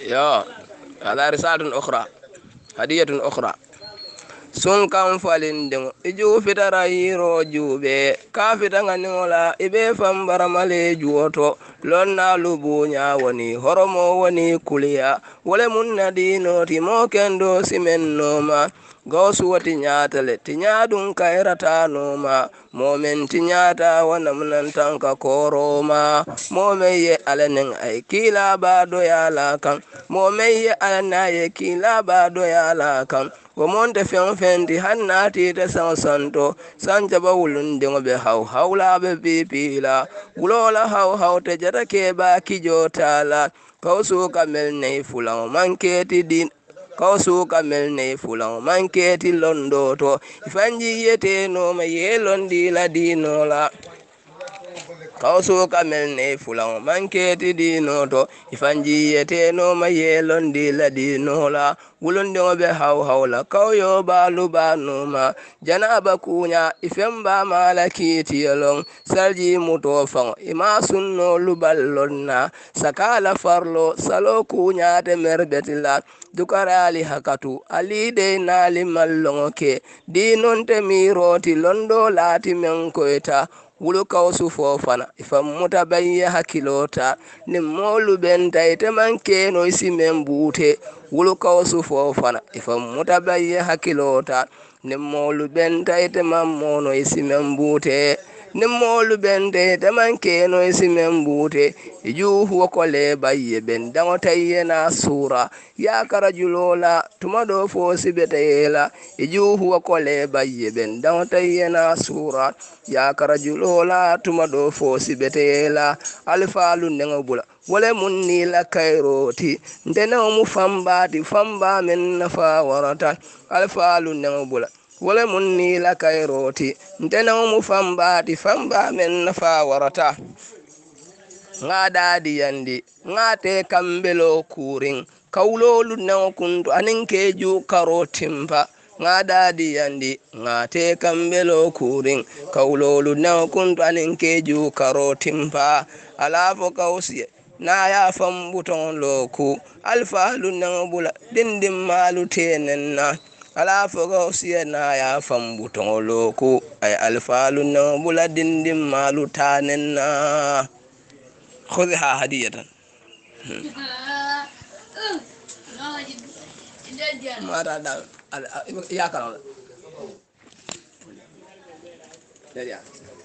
يا هذا رسالة أخرى هدية أخرى sun kan falin dingo iju fitara yiro jube ka fita nga ni ngola ibe fam baramale juoto lon na lubu nya woni horomo woni kulia wale mun na dino ti mo kendo simen noma gawsu wati nyaatale ti nyaadum kayrata nooma moomen ti nyaata wanamnan tanka korooma moomen ye ala nin ay kiilaa baa doyaala kan moomen ye ala naa ye kiilaa baa doyaala kan ko monte feŋ feŋti han naatiite saŋ santo saŋ jaba wulundiŋo be haw hawlaaɓe piipiila wuloola haw haw te jata keebaa kijootaa la kaw suuka mel nei fulaŋo maŋ keeti din kaw suuka mel nei fulaŋo maŋ keeti londooto fanji yeteenooma yee londiila diinoo la kawso kamel ne fulan mankeeti dinoto ifanji e yeteno ma yelondi ladinola wulondeoɓe haw hawla kawyo balu banuma janaba kuña ifen e ba malakitiyolon sarji muto fan ima e sunnolu ballonna sakala farlo salo kuñate merbetila dukarali hakatu alidey nali mallongoke dinonte miroti londo lati men koyta wulu kawsu foo fana ifammuta ban yaha kilota ni moolu ɓen tayitaman keno si men buute wulu kawsu foo fana ifammuta ban yaha kilota ni moolu ɓen tayitaman moono si men buute nemmoolu bende de mankeno e si men mbuute e juuhwo ko leebayye ɓen dango tayyena suura yakara juloola tuma ɗo foo si ɓete yeela e juuhwo ko leebayye ɓen dango tayyena suura yakara juloola tuma ɗo foo si ɓete yeela alfaalu nenŋo bula wole mun niila kayrooti ndenewo mu fambaati famba men nafa warata alfaalu nenŋo bula wole mun niila kay rooti ndenawmu fambaati famba men nafaa warata ngaa ɗaadi yanndi ngaa te kambelo kuurin kawloolu neŋo kuntu aniŋ kee juu karo timpa ngaa ɗaadi yanndi ngaa te kambelo kuurin kawloolu neŋo kuntu aniŋ kee juu karo timpa alaa fo kawsi naa ye a fambutoŋ looku alfaalu neŋo bula dindin maalu tee nen na ala foga siyana ya fambu tongo loku ay alfalu na bula dindim malu tanen na khudi ha hadiya tan hmm. mata da ya kala da ya